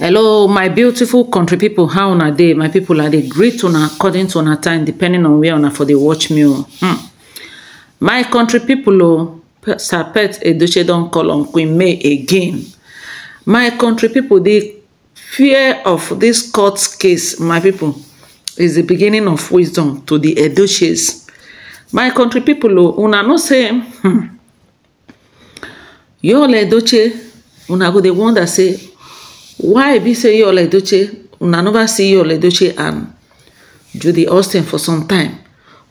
hello my beautiful country people. how una dey my people are dey greet una according to una time depending on where una for dey watch me o hmm. my country pipo o sapet edoche don call on queen may again my country people, dey fear of this court case my people, is the beginning of wisdom to the edoches my country people, o una know say hmm, yall edoche una go dey wonder say why be say you oledoche una never see you oledoche and judy austin for some time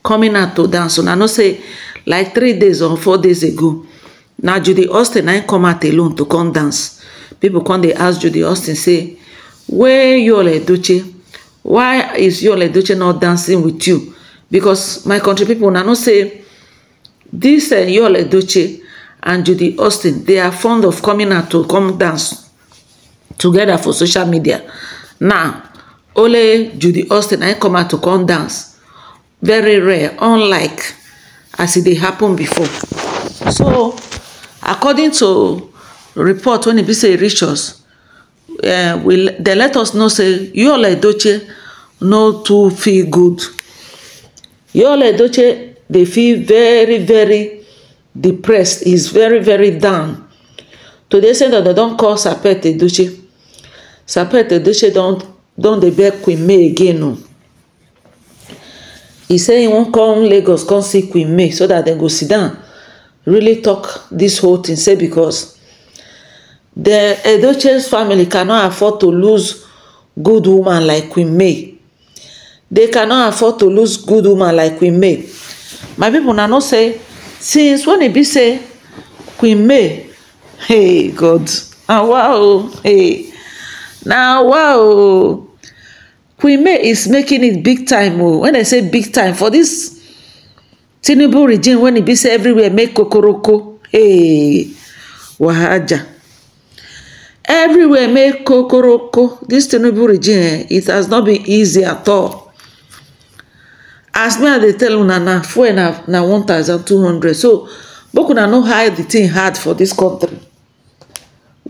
coming out to dance una know say like three days or four days ago na judy austin na come out alone to come dance People come dey ask judy austin say where you oledoche why is you oledoche not dancing with you because my country people una know say dis eh, yul edoche and judy austin they are fond of coming out to come dance together for social media now only judy austin i come out to come dance very rare unlike as it happened before so according to report when e be say reach us uh, we, they let us know say yul edochie no too feel good yul edochie dey feel very very depressed he's very very down to the extent that they don call sapet edochie Ça peut être déchets dont, dont they bear kwime again. No. He say he wan come Lagos come see Kwime so that dem go sit down really talk this whole thing say because the Edochie's family cannot afford to lose good woman like Queen May. They cannot afford to lose good woman like Queen May. My people now know say since when e be say Queen May hey God awa ah, o hey Now, wow queen may is making it big time o oh. when i say big time for this tinubu regime when it be say everywhere make kokoroko hey, wahaja everywhere make kokoroko This tinubu regime it has not been easy at all as me i dey tell una na fuel na one thousand two hundred so make una no hide the thing hard for this country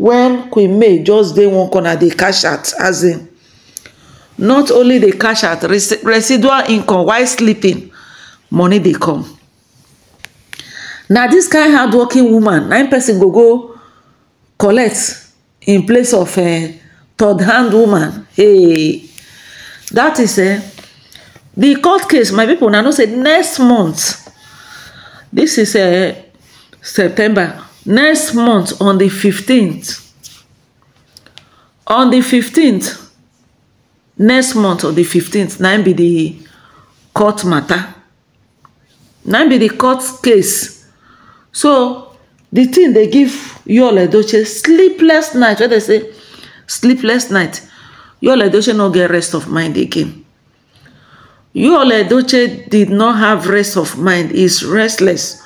When queen may just dey one corner dey cash out as in not only dey cash out residual income while sleeping money dey come na this kind hardworking woman nine person go go collect in place of eh, third hand woman hey that is eh the court case my people, na know say next month This is eh, september next month on the 15th on the 15th next month on the 15th na be the court matter na be the court case so the thing dey give yul edochie sleepless night wey dey say sleepless night yul edochie no get rest of mind again yul edochie did not have rest of mind Is restless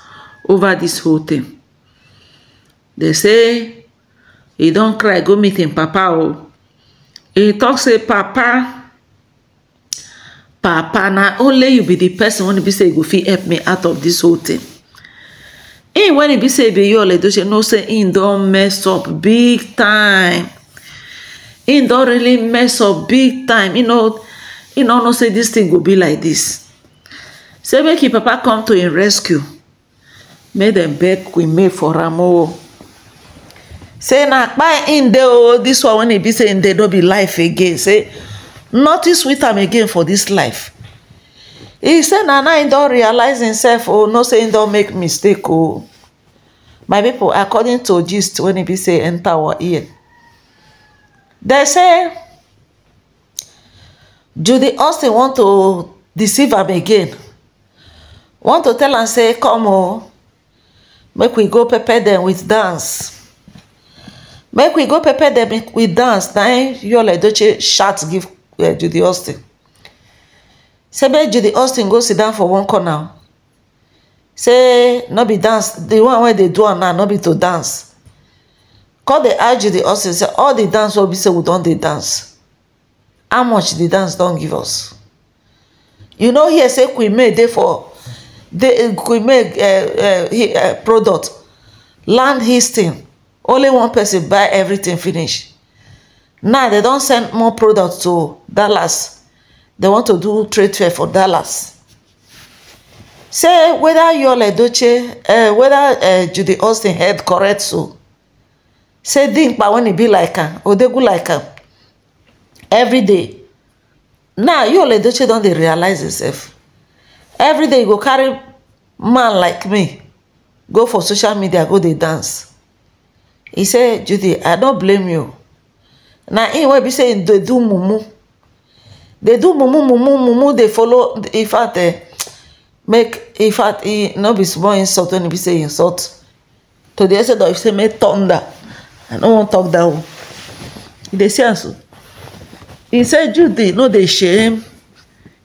over this whole thing dey say e don cry go meet him papa o e tok say papa papa na only you be the person wey be say go fit help me out of this whole thing him when e be say be your edoche know say him don mess up big time him don really mess up big time him no know say this thing go be like this. say make him papa come to him rescue make dem beg queen may for am o say na kpai im dey this one wen e be say im dey no be life again say nothing sweet am again for this life e say na now im don realize himself o oh, no say im don make mistake o oh. my people, according to gist wen e be say enter our ear dem say judy austin want to deceive am again want to tell am say come o oh, make we go pepper dem with dance make we go prepare them. make we dance na im eh, yul edochie shout give eh, judy austin say make judy austin go sit down for one corner say no be dance The one wey dey do am now no be to dance call the eye judy austin say all the dance wey be say we don dey dance how much the dance don give us you no hear say queen may dey for queen may eh, product land his thing only one person buy everything finish now they don send more product to dallas They want to do trade fair for dallas say whether weda yole doche eh, weda eh, judy austin head correct so say dimkpa when e be like am odegu like am day now yole doche don dey realize himself day you go carry man like me go for social media go dey dance he say judy i no blame you na him wey be say him dey do mumu dey do mumu mumu mumu dey follow in fact eh make in fact he no be small insult when he be say insult to the extent of say make thunder i no wan talk that one e dey see am so e say judy no dey shame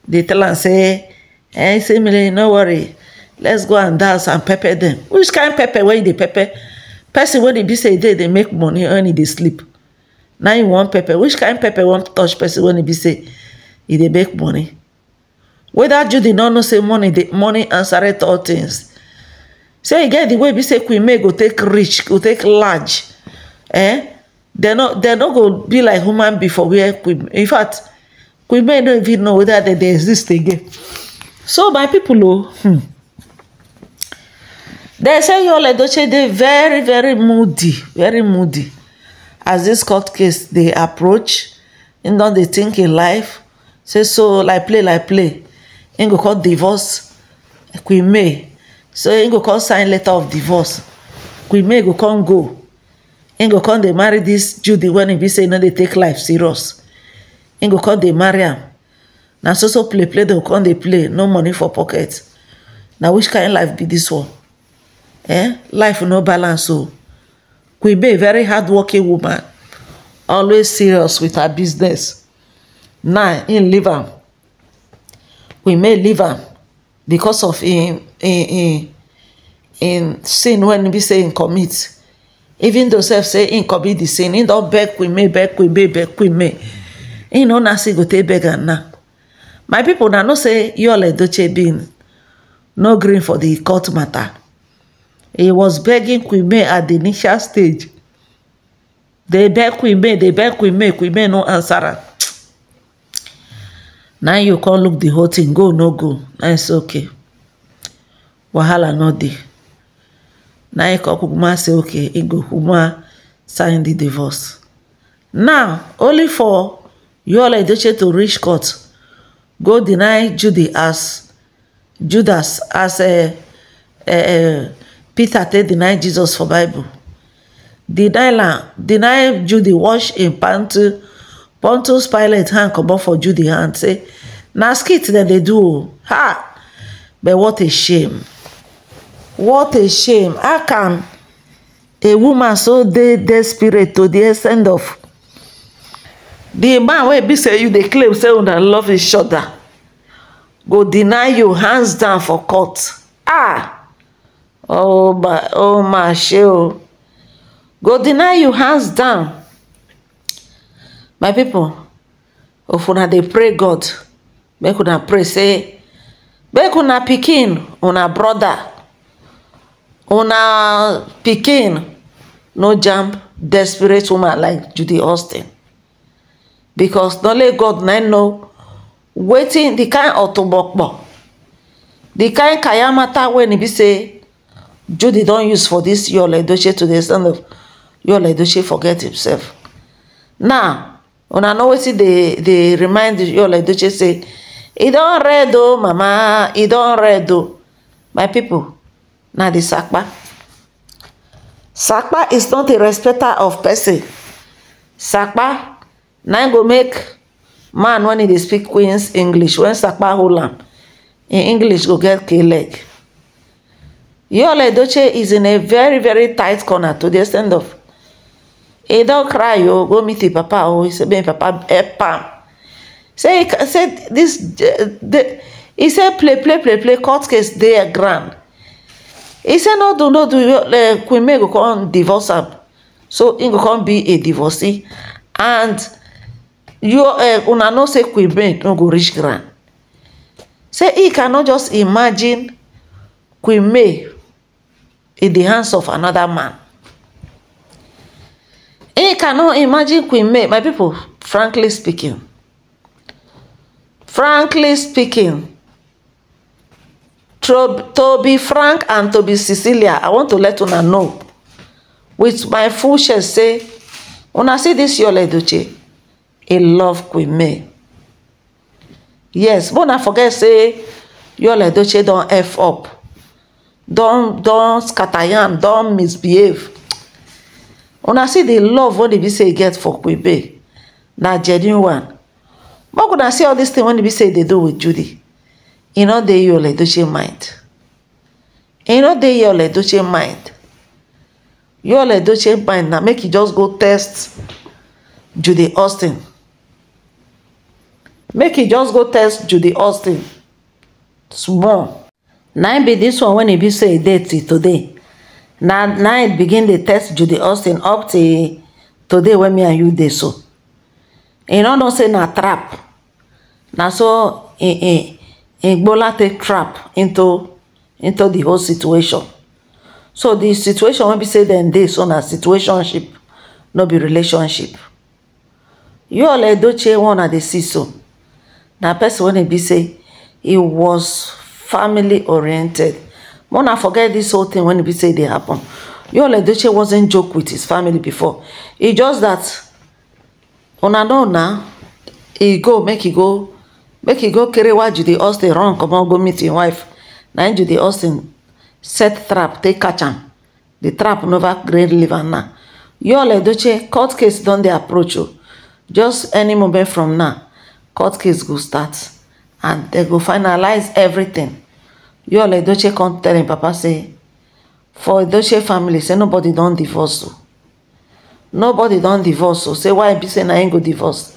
dey tell am say eh say millie no worry let's go and dance and pepper dem which kind pepper wey you dey pepper person wey e be say e dey dey make money when e dey sleep na im wan pepper which kind pepper wan touch person when e be say e dey make money whether judy no know say money money answereth all things say e get di way be say queen may go take rich go take large eh dem no go be like human before where queen in fact queen may no even know whether dem dey exist again so my people, o oh, hmm They say Yul Edochie dey very, very moody, very moody. As this court case they approach, and don they think in life, say so like play like play. Im go come divorce Queen May. So im go come sign letter of divorce. Queen May go come go. Im go come dey marry this Judy when he be say e no they take life serious. Im go come dey marry him. Now so so play play they go come they play, no money for pocket. Now which kind life be this one? eh? life no balance o queen bee very hardworking woman always serious with her business now in leave am queen may leave am because of in in in sin when be say im commit even though sef say im commit the sin im don beg we may beg we may beg we may im no na say go take beg am now my people na know say yul edochie bin no gree for the court matter. He was begging Queen at the initial stage. They beg Queen May, they beg Queen May, no answer am. now you come look the whole thing, go no go. now it's okay. Wahala no dey. Na e come Kukuma say okay, e go Kukuma sign the divorce. Now, only for Yul edoche to reach court, go deny Judy as Judas as a, a, a peter take deny jesus for bible deny Deny judy wash im pontus pilate hand comot for judy hand say na skit dem they do ha but what a shame what a shame how can a woman so dey desperate to di extent of The man where be say you they claim say una love each other go deny you hands down for court ah Oh ó oh my, o go deny you hands down my people. of una they pray god make una pray say make una pikin una broda una pikin no jump, desperate woman like judy austin because na let god na know Waiting, the kind of otobokpo the kind kayamata wey e be say Jude don't use for dis Yul Edochie to the son of Yul Edochie forget himself. Now, when I know wetin they they remind Yul Edochie say, he don't read o oh, mama, He don't read o. Oh. My people, Now the Sakpa. Sakpa is not a respecter of person. Sakpa now go make man when he speak Queen's English, When Sakpa hold am, in English go get k leg yole edoche is in a very very tight corner to the extent of he don't cry o oh, go meet your papa o oh, he say make papa help eh, am say say this eh, the he say play play play play court case dey grand. he say no do no do queen may go come divorce am so he go come be a divorcee and you eh, una know say queen may no go rich grand. say he cannot just imagine queen may in the hands of another man. You cannot imagine Queen May, my people, frankly speaking. Frankly speaking, to, be frank and to be Cecilia, I want to let una know with my full share say, una see this yole Edochie, e love Queen May. Yes, but una forget say yole Edochie don't F up don don scatter yam don misbehave una see di love wey dey be say e get for quebec na genuine one but una see all dis thing wey be say e dey do with judy e no dey your ledoche mind e no dey your ledoche mind your ledoche mind na make e just go test judy austin make e just go test judy austin small na be this one when e be say e dey till today Now na e begin the test judy austin up to today when me and you dey so e no know say na trap now so e, e, e gbola take trap into into the whole situation so the situation wey be say dem dey so na situationship no be relationship you all ole edoche one at the see so na person when e be say it was family oriented When I forget this whole thing when we say they happen yul ledoche wasn't joke with his family before It's just that on a now, he go make he go make he go carry why judy austin Come on, go meet your wife na im judy austin set trap take catch him. The trap nova gree leave am now yul ledoche court case done dey approach o oh. just any moment from now court case go start and they go finalize everything You yool edoche come tell him. papa say for edoche family say nobody don divorce nobody don divorce o say why be say na im go divorce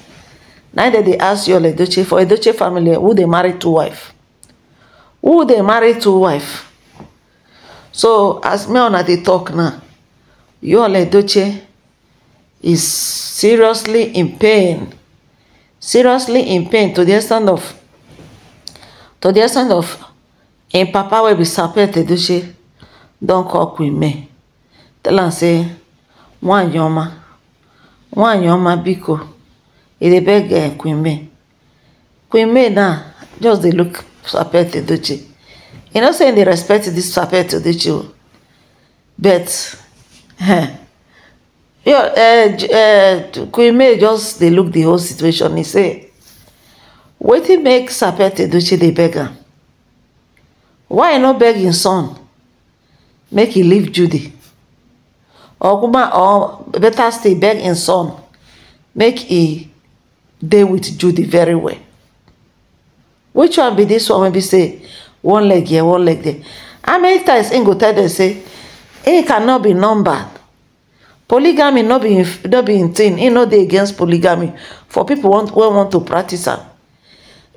Neither they ask you ask yool edoche for edoche family who they marry two wife who they marry two wife so as me on at the talk now you yool edoche is seriously in pain seriously in pain to the extent of to the extent of im papa wey be sapet edoche don call queen may tell am say nwaanyị ọma nwaanyị ọma biko e dey beg queen may queen may now just dey look sapet edoche e know say im dey respect dis sapet edoche o but eh, eh, eh, queen may just dey look the whole situation He say wetin make sapet edoche dey beg am why e no beg im son make he leave judy or or better still beg im son make he dey with judy very well which one be this one wey be say one leg here one leg there how many times im go tell dem say im cannot be numbered polygamy no be be im thing He no dey against polygamy for pipo wey want to practice am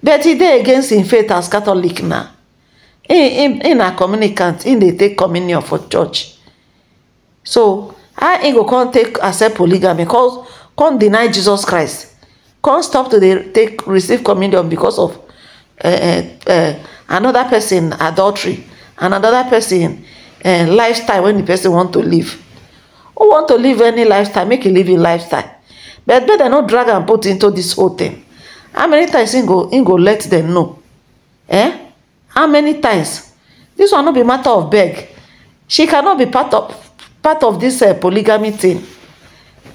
but e dey against im faith as catholic now. In in in na communicant in dey take communion for church so how him go come take accept polygamy come deny jesus christ come stop to dey take receive communion because of eh, eh, eh, another person adultery and another person lifestyle when the person want to live who want to live any lifestyle make e live im lifestyle but make dem no drag am put into this whole thing how many times im go let dem know eh how many times This one no be matter of beg she cannot be part of part of dis uh, polygamy thing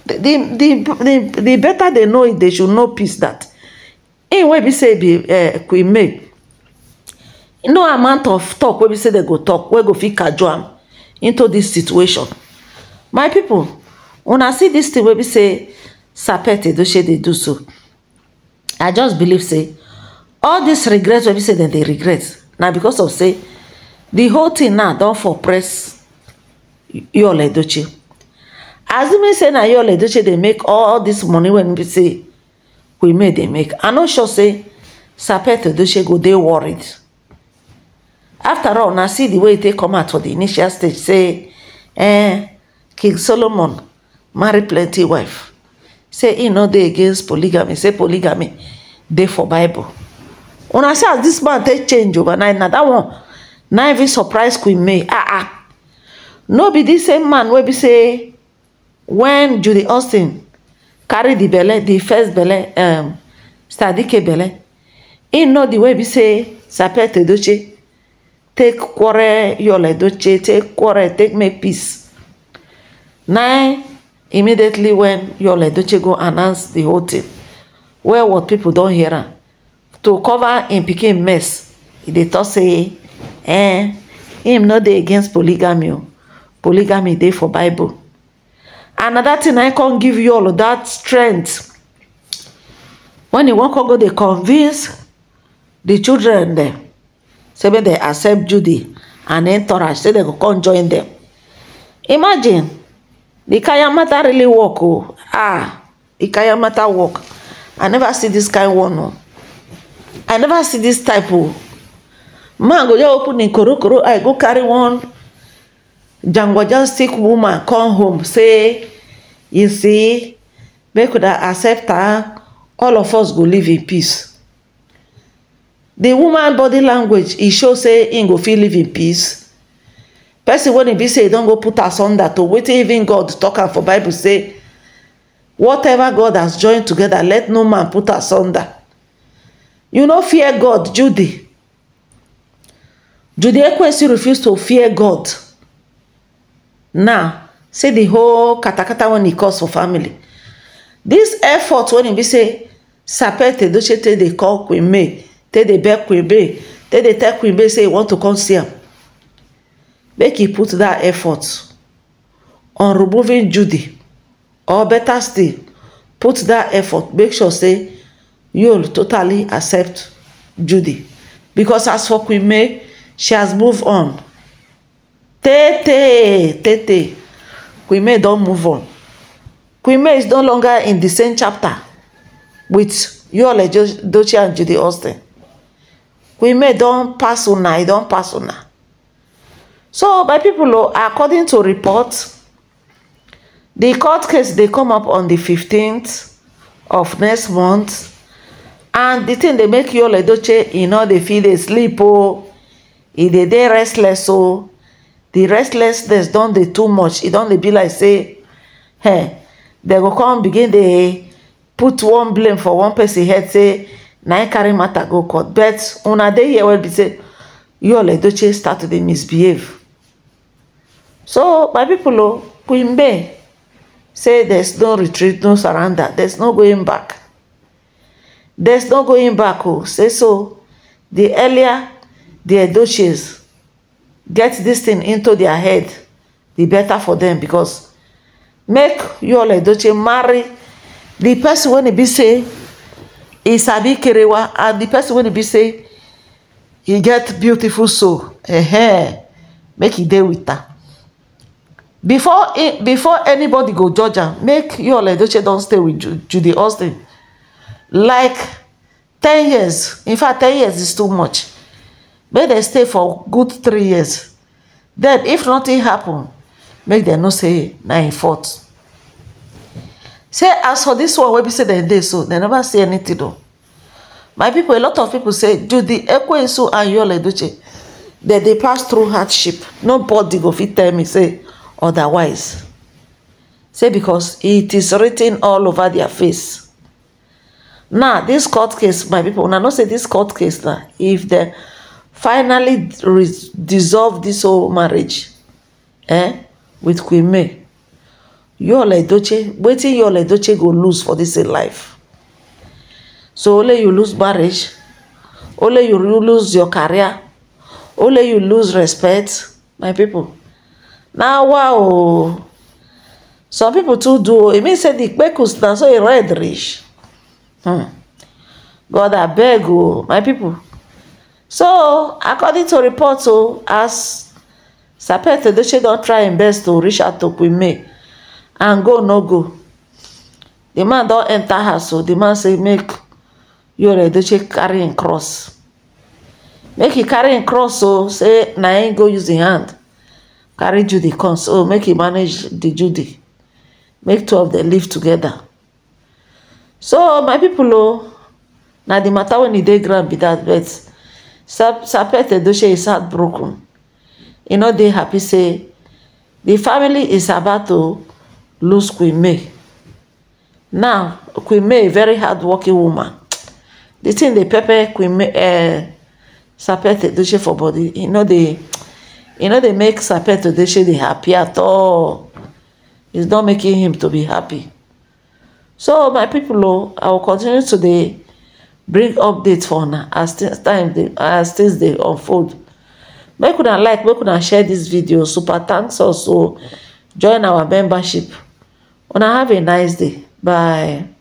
The the the the better they know it they should know peace that in wey be say be uh, queen may no amount of talk where we say they go talk where go fit cajole into this situation my people, when I see this thing where we say do she they do so i just believe say all dis regrets where we say dem dey regret na because of say the whole thing now don for press yiola edoche assuming say na yiola edoche dey make all this money wey be say we may dey make i no sure say sapet edoche go dey worried after all na see the way e take come out for the initial stage say eh king solomon marry plenty wife say e no dey against polygamy say polygamy dey for bible una see as ah, dis man take change overnight na that one na even surprise queen may ah ah no be the same man wey be say when judy austin carry the belle the first belle um sadike belle He know the way be say sapete edoche take quarrel yul edoche take quarrel take make peace na immediately when yul edoche go announce the whole thing, well what people don hear am to cover im pikin mess e dey tok say eh, I'm no dey against polygamy o polygamy dey for bible another thing i con give you all that strength When e wan go dey convince the children dem say make dem accept judy and entourage say dem go come join dem imagine the kaya matter really work o ah the kaya matter work i never see this kind one o i never see this type of oh. man go just open in him korokoro I go carry one jangwajan sick woman come home say you see make una accept her all of us go live in peace The woman body language e show say im e go fit live in peace person wey e be say e don go put asunder to wetin even god talk am for bible say whatever god has joined together let no man put asunder you no fear god judy judy ekwesi refuse to fear god now see the whole katakata wey e cause for family This effort when e be say sapete edoche take dey call queen may te de beg queen may te de tell queen may say e want to come see am make e put that effort on removing judy or better still put that effort make sure say You'll totally accept Judy because as for Queen May, she has moved on. Tete, Tete, Queen May don move on. Queen May is no longer in the same chapter with Yul Edochie and Judy Austin. Queen May don pass una, e don pass una. So my people, oh, according to report, the court case dey come up on the 15th of next month and the thing dey make you oledoche e no dey fit dey sleep o e dey dey restless o oh. The restlessness don dey too much e don dey be like say hey, dem go come begin dey put one blame for one person head say na im e carry matter go court but una dey here wey be say you oledoche start to dey misbehave so my pipo o oh, queen may say there's no retreat no surrender there's no going back there's no going back oh say so the earlier the edoches get this thing into their head the better for them because make all edoche marry the person when he be say e sabi kerewa and the person when he be say he get beautiful soul eh make he dey with her before before anybody go judge am make all edoche don stay with judy austin like ten years in fact ten years is too much make dem stay for good three years Then, if nothing happen make them not say nine im fault say as for this one wey be say dem dey so dem never say anything though. my people, a lot of people say judy ekwensu and yul edochie dem dey pass through hardship nobody go fit tell me say otherwise say because it is written all over their face now this court case my people. una know say this court case na if dem finally dissolve this whole marriage eh with queen may yool edoche wetin yool edoche go lose for dis life so only you lose marriage only you lose your career only you lose respect my people. na wow some people too do e mean say di kpekus na so e red reach hmm. god abeg o oh, my pipo so according to reports, o oh, as sapet edoche don try im best to reach out to queen and go no go The man don enter house so oh. the man say make yore edoche carry im cross make he carry im cross o say na im go use im hand carry judy come so make he manage the judy make two of them live together so my people, o oh, na the mata wey e dey ground be dat but sapet edoche is heartbroken e no dey happy say the family is about to lose queen may now queen may very hardworking woman The thing dey pepper queen may eh, sapet edoche for body e no dey make sapet edoche dey happy at all e don making him to be happy so my people oh, i will continue to dey bring update for now as time as things they unfold make una like make una share this video super thanks also join our membership una have a nice day bye